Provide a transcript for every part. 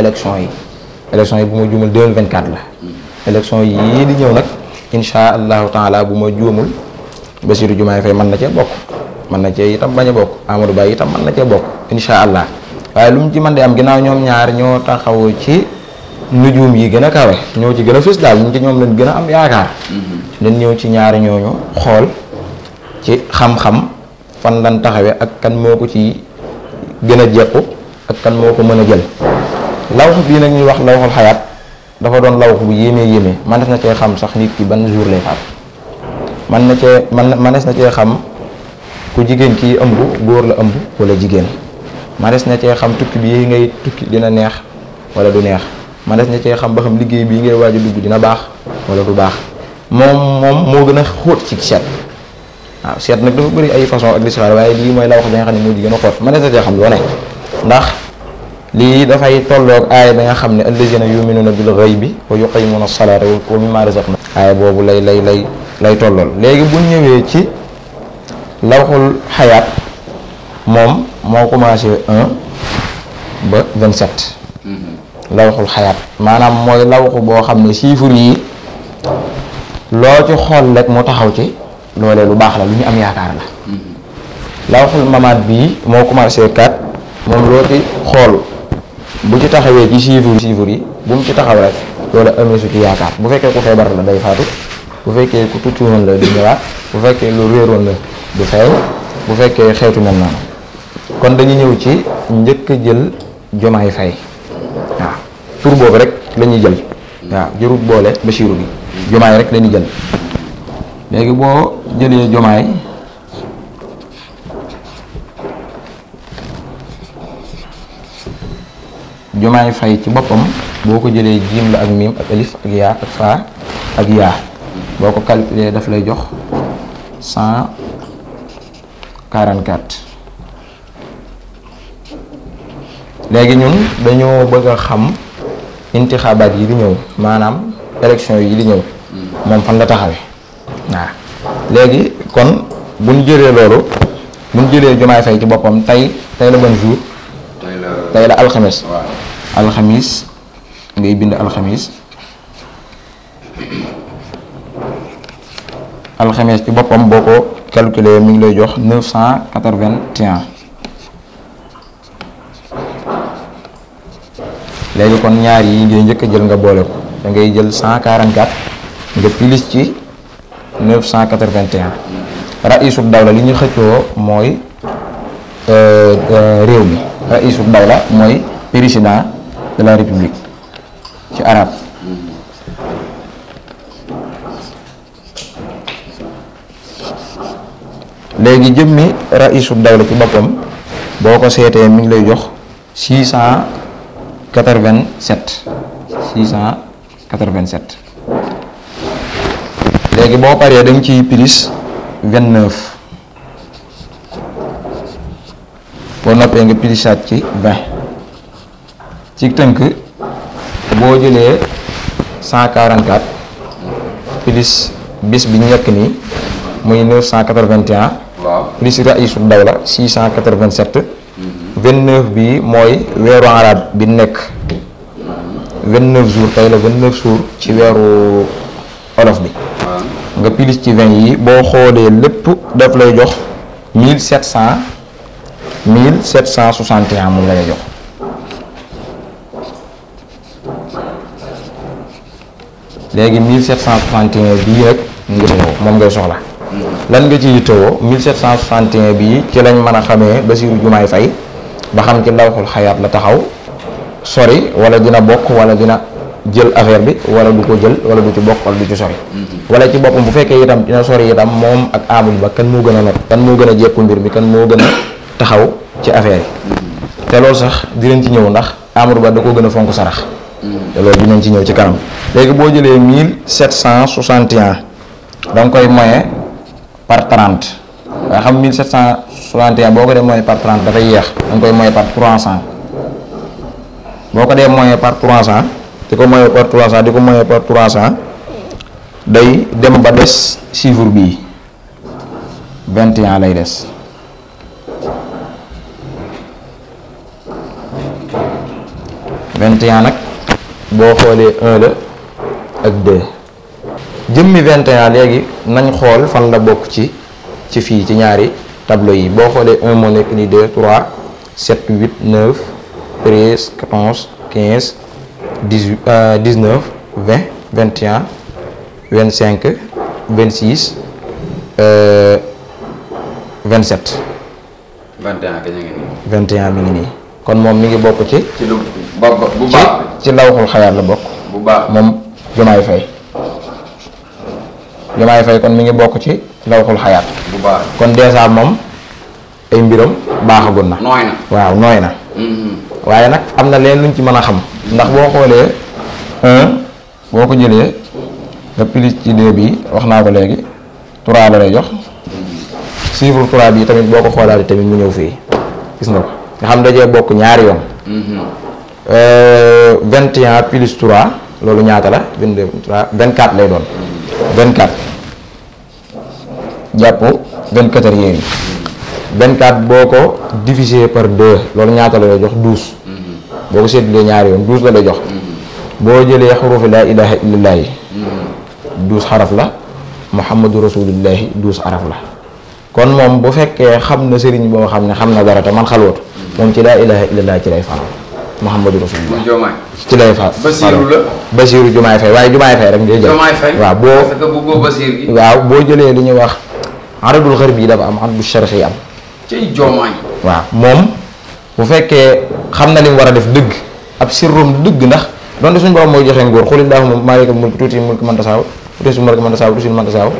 élection yi élection yi bu ma juumul 2024 la élection yi yii di ñëw nag insha allahu taala bu ma juumul Bassirou Diomaye Faye man na cee bokk mën na cee itam bañ a bokk Amadou Ba itam mën na cee bokk insha allah waaye lu mu ci man de am ginnaaw ñoom ñaar ñoo taxaw ci nujum yi gën a kawe ñoo ci gën a fës daal ñun ci ñoom lañ gën a am yaakaar mm-hmm. dañ ñëw ci ñaari ñooñu xool ci xam-xam fan lan taxawee ak kan moo ko ci gën a jekku ak kan moo ko mën a jël lawx bii nag ñuy wax lawxul xayaat dafa doon lawx bu yéemee yéemee man na cee xam sax nit ki ban jour lay faat man na cee man manees na cee xam ku jigéen kii ëmb góor la ëmb wala jigéen manees na cee xam tukki bii ngay tukki dina neex wala du neex manees na cee xam ba xam liggéey bii ngay waaj a dugg dina baax wala du baax moom moom moo gën a xóot ci seet waaw seet nag dafa bëri ay façon ak listixaar waaye lii mooy lawx bi nga xam ne moo ji gën a xóot manees na cee xam loo ne ndax lii dafay tolloog aaya bi nga xam ne allazina yuminuuna bil ghaybi wa yuqimuuna salaata wa mimma razaqna aaya boobu lay lay lay lay tollool léegi bu ñëwee ci lawxul xayaat moom moo commencé un ba vingt set mm-hmm. lawxul xayaat maanaam mooy lawxu boo xam ne chiffre yi loo ci xool rek mu taxaw ci loolee lu baax la lu ñu am yaakaar la mm-hmm. lawxul mamaat bii moo commencé moom loo ci xool bu ci taxawee ci chiffre chiffre yi bu mu ci taxaw rek loolu amee su ci yaakaar bu fekkee ku feebar la day faatu bu fekkee ku tuuti la du ñëwaat bu fekkee lu réeroon woon la du feeñ bu fekkee xeetu mel noonu kon dañu ñëw ci njëkk a jël jomaay fay waaw tur boobu rek la jël waaw jërut boole Basiiru bi jomaay rek la ñuy jël léegi boo jëlee jomaay jumaay fay ci boppam boo ko jëlee jiim la ak miim ak alif ak yaa boo ko calculer daf lay jox cent quarante quatre léegi ñun dañoo bëgg a xam intixaabaat yi di ñëw maanaam élection yi di ñëw moom fan la taxawe léegi kon buñ jëlee loolu buñ jëlee jumaay fay ci boppam tey tey la bon jour tey la alxames alxamis ngay bind alxamis alxamis ci boppam boo ko calculer mi ngi lay jox neuf cent quatre vingt léegi kon ñaar yi ngay njëkk a jël nga boole ko da ngay jël cent quarante-quatre nga pilis ci neuf cent quatre-vingt-un raïsub dawla li ñu xëccoo mooy euh, euh, réew mi raïsub dawla mooy président de la république ci arab léegi jëmmi raisu dawla ci boppam boo ko seetee mi ngi lay jox six cent quatre-vingt-sept six cent quatre-vingt-sept léegi boo paree dañ ci plus vingt-neuf boo noppee nga plisaat ci vingt ci tënk boo jëlee cent quarante bis bi ñu nekk nii muy neuf cent quatre vingt et un. waaw plus raisul vingt sept. bii mooy weeru arab bi nekk. vingt tey la vingt neuf ci weeru olof bi. nga pilis ci vingt yi boo xoolee lépp daf lay jox mille sept cent mille moom la lay jox. léegi 1761 bii rek ngir ñëw moom ngay soxla lan nga ci yittewoo 1761 bii ci lañ mën a xamee Bassirou Diomaye Faye ba xam ci lawxul xayaat la taxaw sori wala dina bokk wala dina jël affaire bi wala du ko jël wala du ci bokk wala du ci sori wala ci boppam bu fekkee itam dina sori itam moom ak Amadou Ba kan moo gën a nag kan moo gën a jekku mbir mi kan moo gën a taxaw ci affaire yi te loolu sax dinañ ci ñëw ndax Amadou Ba da ko gën a fonk sarax te loolu dinañ ci ñëw ci kanam léegi boo jëlee mille sept cent soixante et un da nga koy moyen par trente nga xam mille sept cent soixante et boo ko dee moyen par trente dafa yeex da nga koy moyen par trois cent boo ko dee moyen par trois cent di ko moye par trois cent di ko moyen par trois cent day dem ba des chiffre bii vingt et lay des vingt et un boo xoolee 1 la ak 2 jëmmi 21 léegi nañ xool fan la bokk ci ci fii ci ñaari tableau yi boo xoolee un moo nekk ni 2 3 7 8 9 13 14 15 18 19 20 21 25 26 27. 21 kañ la ngeen nii. 21 mi ngi nii. kon moom mi ngi bokk ci. ci lu bu ci lawxul xayaat la bokk. bu baax moom Jumaay Fay. Jumaay Fay kon mi ngi bokk ci lawxul xayaat. bu baax kon dèjà moom ay mbiram baaxagun na. nooy waaw nooy na. Mm-hmm. waaye nag am na leen luñ ci mën a xam. ndax boo xoolee un boo ko jëlee le plus ci deux bi wax naa ko léegi trois la lay jox. Mm-hmm. chiffre trois bi tamit boo ko xoolaatee tamit mu ñëw fii gis nga ko. nga xam dajee bokk ñaari yoon. 21 mm-hmm. euh, plus 3 loolu ñaata la 22 3 lay doon. 24 jàpp 24 heures yooyu. 24 boo ko divisé par 2 loolu ñaata la lay jox 12. Mm-hmm. boo ko séddalee ñaari yoon 12 la lay jox. Mm-hmm. boo jëlee xurufi laa ilaaha illallaahi. 12 xaraf la. Muhammadu rasulillahi 12 xaraf la. kon moom bu fekkee xam na sëriñ boo xam ne xam na dara te man xalwatu moom ci laa ilaha illallah ci lay faral Muhammadu Rasulullah Jomaay ci lay faral Basiiru la Basiiru Jomaay Fay waaye Jomaay Fay rek ngay jël Jomaay Fay waaw boo Basiir gi waaw boo jëlee li ñu wax aradul xarbi yi dafa am aradul sharqi yi am ci Jomaay waaw moom bu fekkee xam na li mu war a def dëgg ab sirrum dëgg ndax donte suñu borom mooy joxe nguur xulillahumma maalikal mulki tuutil mulka man tasaaw tuutil mulka man tasaaw tuutil mulka man tasaaw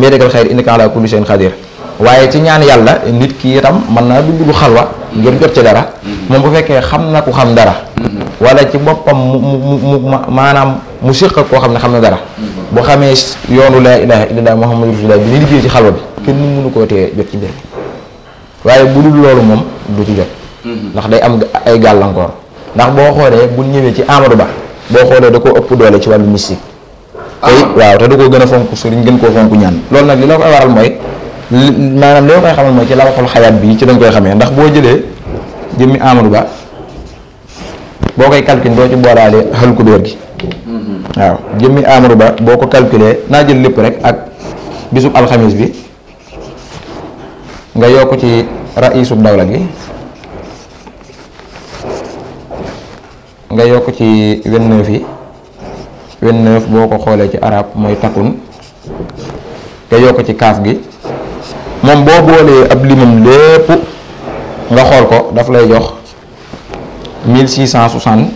bi yadikal xayr innaka ala kulli shay'in qadir waaye ci ñaan yàlla nit ki itam mën naa dugg lu xalwa ngir jot ci dara moom bu fekkee xam na ku xam dara wala ci boppam mu mu mu maanaam mu siq koo xam ne xam na dara bu xamee yoonu laa ilaha illallah muhammadu rasulullah bi ni liggéey ci xalwa bi kenn mënu koo tee jot ci mbir waaye bu dul loolu moom du ci jot ndax day am ay gàllankoor ndax boo xoolee bu ñëwee ci Amadou Ba boo xoolee da koo ëpp doole ci wàllu mystique te ah. waaw te du ko gën a fonk sëriñ gën koo fonk ñaan loolu nag li la koy waral mooy maanaam li ma koy xamal mooy ci la lamaxul xayaat bi ci dañ koy xamee ndax boo jëlee jëmmi Amadou Ba boo koy calculé doo ci boolaale xel ku dóor gi mm-hmm. waaw jëmmi Amadou Ba boo ko calculé naa jël lépp rek ak bisub alxamis bi nga yokk ci raïsub dawla gi nga yokk ci 29 yi 29 boo ko xoolee ci arab mooy takun nga yokk ci kaaf gi moom boo boolee ab limam lépp nga xool ko daf lay jox cent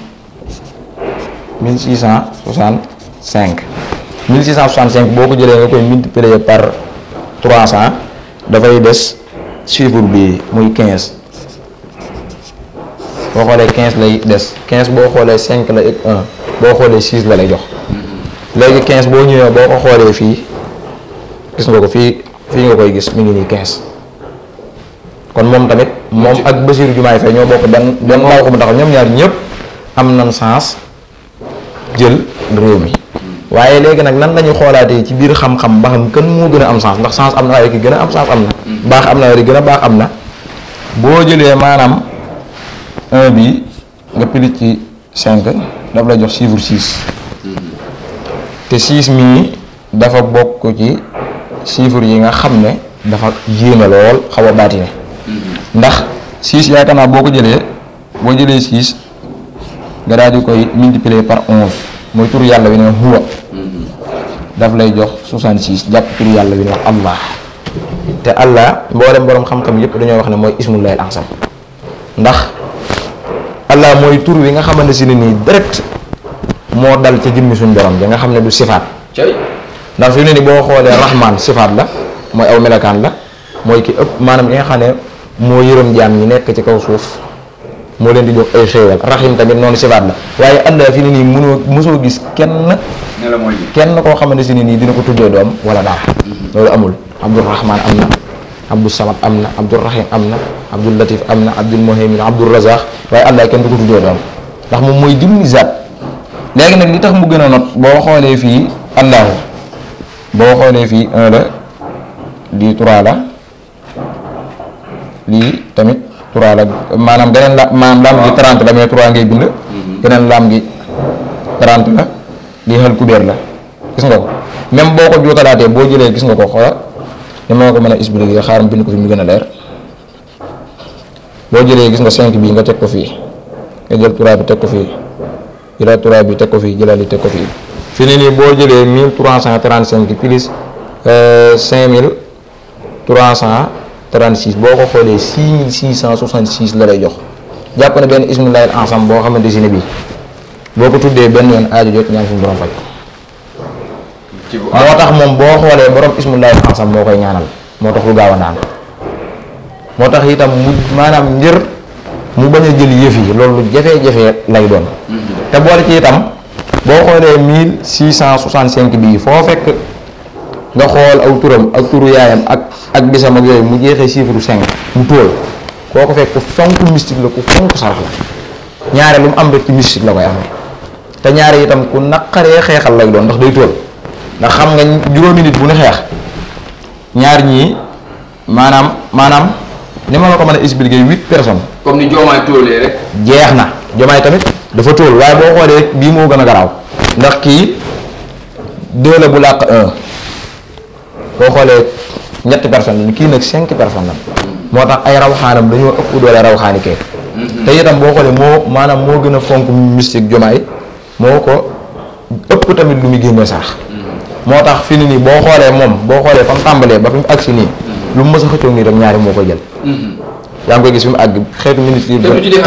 1660 1665 1665 boo ko jëlee nga koy multiplier par 300 dafay des chiffre bi muy 15 boo xoolee 15 lay des 15 boo xoolee 5 la ak boo xoolee 6 la lay jox. léegi 15 boo ñëwee boo ko xoolee fii gis nga ko fii fii nga koy gis mi ngi nii 15 kon moom tamit moom ak Bassirou Diomaye Faye ñoo bokk benn benn mbaaw ko mu taxaw ñoom ñaar ñëpp am nan sens jël réew mi waaye léegi nag nan lañu xoolaatee ci biir xam-xam ba xam kan moo gën a am sens ndax sens am na waaye ki gën a am sens am na baax am na waaye gën a baax am na boo jëlee maanaam 1 bi nga pilit ci 5 daf la jox chiffre 6 te six mii dafa bokk ci chiffre yi nga xam ne dafa yéeme lool xaw a baatine mm-hmm. ndax six yaakaar naa boo ko jëlee boo jëlee six nga daal di koy multiplier par onze mooy tur yàlla wi ne mm-hmm. daf lay jox soixante-six jàpp tur yàlla wi ne allah te allah mboolem boroom xam-xam yépp dañoo wax ne mooy ismullahi al ansam ndax allah mooy tur wi nga xamante si ne nii direct moo dal ci jëmmi suñu borom bi nga xam ne du sifaat ndax fi ne ni boo xoolee rahman sifaat la mooy aw melakaan la mooy ki ëpp maanaam li nga xam ne moo yërëm jaan ñi nekk ci kaw suuf moo leen di jox ay xéewal rahim tamit noonu sifaat la waaye Allah fi ne nii mënoo mosoo gis kenn kenn koo xamante si ne nii dina ko tuddee doom wala dara mhm. loolu amul abdourahman am na abdou samad am na abdourahim am na abdoulatif am na abdoulmohimin abdourazaq waaye Allah kenn du ko tuddee doom ndax moom mooy jëmmi zaat léegi nag li tax mu gën a not boo xoolee fii allahu boo xoolee fii un la lii trois la lii tamit trois la maanaam geneen la maanaam laam gi trente la mais trois ngay bind mhm. geneen laam gi trente la lii xel kubéer la gis nga ko même boo ko jootalaatee boo jëlee gis nga ko xoola ni ma nga ko mën a expliquer xaaram bind ko fi mu gën a leer boo jëlee gis nga cinq bii nga teg ko fii nga jël trois bi teg ko fii jëlaat turaab bi teg ko fii jëlaat li teg ko fii fi ne nii boo jëlee mille trois cent trente cinq plus euh, cinq mille trois cent trente six boo ko xoolee six mille six cent soixante six la lay jox jàpp na benn ismu laayil ensemble boo xamante si ne bii boo ko tuddee benn yoon aajo jot ñaan suñu borom faj moo tax moom boo xoolee borom ismu laayil ensemble moo koy ñaanal moo tax lu gaaw naan moo tax itam mu maanaam njër mu bañ a jël yëf yi loolu jafe-jafe lay doon te boole ci itam boo xoolee mille six cent soixante cinq bii foo fekk nga xool aw turam ak turu yaayam ak ak bisam ak yooyu mu jeexee chiffre cinq mu tóol koo ko fekk fonk mystique la ku fonk sarax la ñaare lu mu am rek ci mystique la koy amee te ñaare itam ku naqaree xeexal lay doon ndax day tóol ndax xam nga juróomi nit bu ñu xeex ñaar ñii maanaam maanaam ni ma la ko mën a expliquer huit personnes. comme ni joomaay tóolee rek. jeex na joomaay tamit. dafa tóol waaye boo xoolee bii moo gën a garaaw ndax kii deux bu làq un boo xoolee ñetti personne kii nag cinq personne moo tax ay rawxaanam dañoo ëpp doole rawxaani kee te itam boo xoolee moo maanaam moo gën a fonk mystique jumaay moo ko ëpp tamit lu muy génnee saax moo tax fi ni nii boo xoolee moom boo xoolee fa tàmbalee ba fi mu agsi nii lu mu mës a xëccoo nii rek ñaari moo ko jël mm-hmm. yaa ngi koy gis fi mu àgg xeetu ministre yi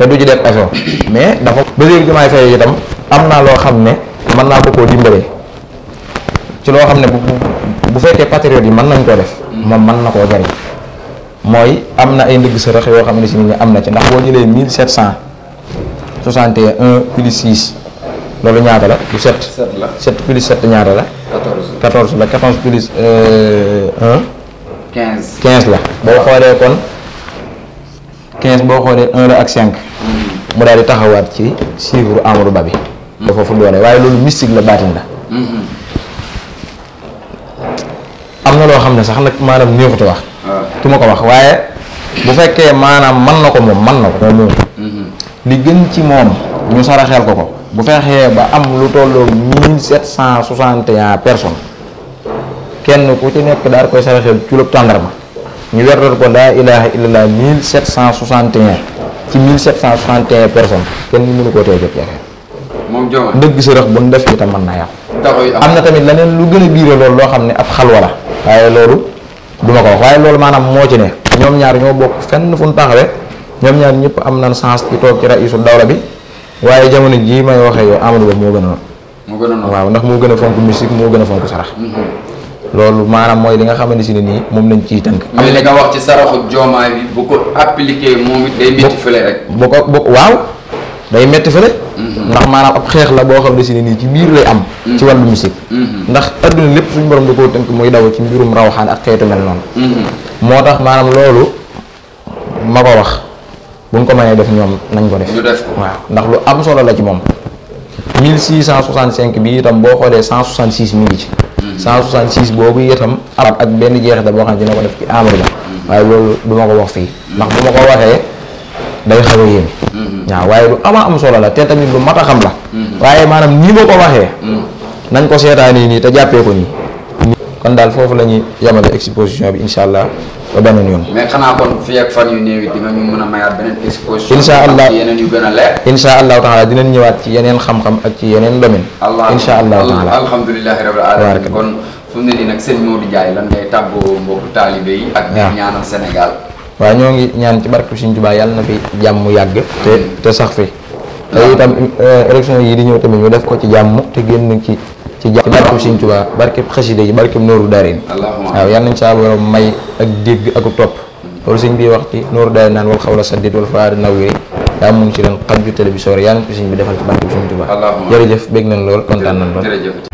te du ci def kaso mais dafa Bassirou Diomaye Faye itam am naa loo xam ne mën naa ko koo dimbale ci loo xam ne bu bu fekkee patriote yi mën nañ koo def moom mën na koo jariñ mooy am na ay ndëgg sërëx yoo xam ne si ni am na ci ndax boo jëlee mille sept cent soixante et un plus six loolu ñaata la du sept plus sept ñaata la quatorze la quatorze plus euh, un quinze la boo xoolee kon 15 boo xoolee 1 ak 5. mu daal di taxawaat ci chiffre Amadou Ba bi. foofu doole waaye loolu mystique la baatin la. am na loo xam ne sax nag maanaam néexutu wax. tu ah. ma ko wax waaye bu fekkee maanaam man na ko moom man na ko moom li gën ci moom ñu saraxeel ko ko bu fexee ba am lu tolloo mille sept cent soixante et un personnes kenn ku ci nekk daal koy saraxeel culob tàndarma ñu wertal ko laa ilaha illallah 1761 ci 1761 personnes kenn mënu koo tee jot yaakaar. moom Joma dëgg si rax bu ñu def itam mën naa yàqu. am na tamit leneen lu gën a biire loolu loo xam ne ab xalwa la. waaye loolu du ma ko wax waaye loolu maanaam moo ci ne. ñoom ñaar ñoo bokk fenn fu mu ñoom ñaar ñëpp am nañ chance ci toog ci raisul dawla bi waaye jamono jii may waxee yow Amadou Ba moo gën a. moo waaw ndax moo gën a fonk musique moo gën a loolu maanaam mooy li nga xamante si ne nii moom lañ ci tënk. am li nga wax ci saraxu joomaay bi bu ko appliqué moom it day bu ko waaw day métti fële. Mhm. ndax maanaam ab xeex la boo xam ne si ne nii ci biir lay am. Mhm. ci wàllu musique. Mhm. ndax adduna lépp suñu borom da koo tënk muy daw ci mbirum rawxaan ak xeetu mel noonu. moo tax maanaam loolu ma ko wax bu ñu ko def ñoom nañ ko def. ñu def ko ndax lu am solo la ci moom. 1665 bi itam boo xoolee 166 mi ngi ci. cent 166 boobu itam ab ak benn jeexital boo xam ne dina ko def ci Amadou Ba waaye loolu du ma ko wax fii ndax bu ma ko waxee day xaw a yéeme waaw waaye lu ama am solo la te tamit lu mat a xam la waaye maanaam nii ma ko waxee nañ ko seetaan yi nii te jàppee ko nii kon daal foofu la ñuy yemale exposition bi incha allah ba beneen yoon. mais xanaa kon fi ak fan yu néew it dinañu mën a mayaat beneen exposition. incha allah ak yeneen yu gën incha allahu taala ñëwaat ci yeneen xam ak ci yeneen domaine. incha allahu taala alhamdulilahi rabbil kon fu mu ne nii nag sëñ Modou Ndiaye lan ngay tàggoo mbokku ñoo ngi ñaan ci barke Sëñ Tuubaa yàlla na fi jàmm yàgg. te sax fi. te itam euh, élection yi di ñëw tamit ñu def ko ci jàmm te génn ci. ci jàpp barkeb Sëriñ Tuubaa barkeb xasida yi barkeb Nooru Daarayni waaw yal nañ saa borom may ak dégg aku topp loolu sëñ bi wax ci Nooru Daarayni naan wal xawla saddid wal faari nawwiri yaa mun ci leen xam ju télé bi soore yal nañ ko sëñ bi defal ci barkeb Sëriñ Tuubaa jërëjëf bég nañ lool kontaan nañ lool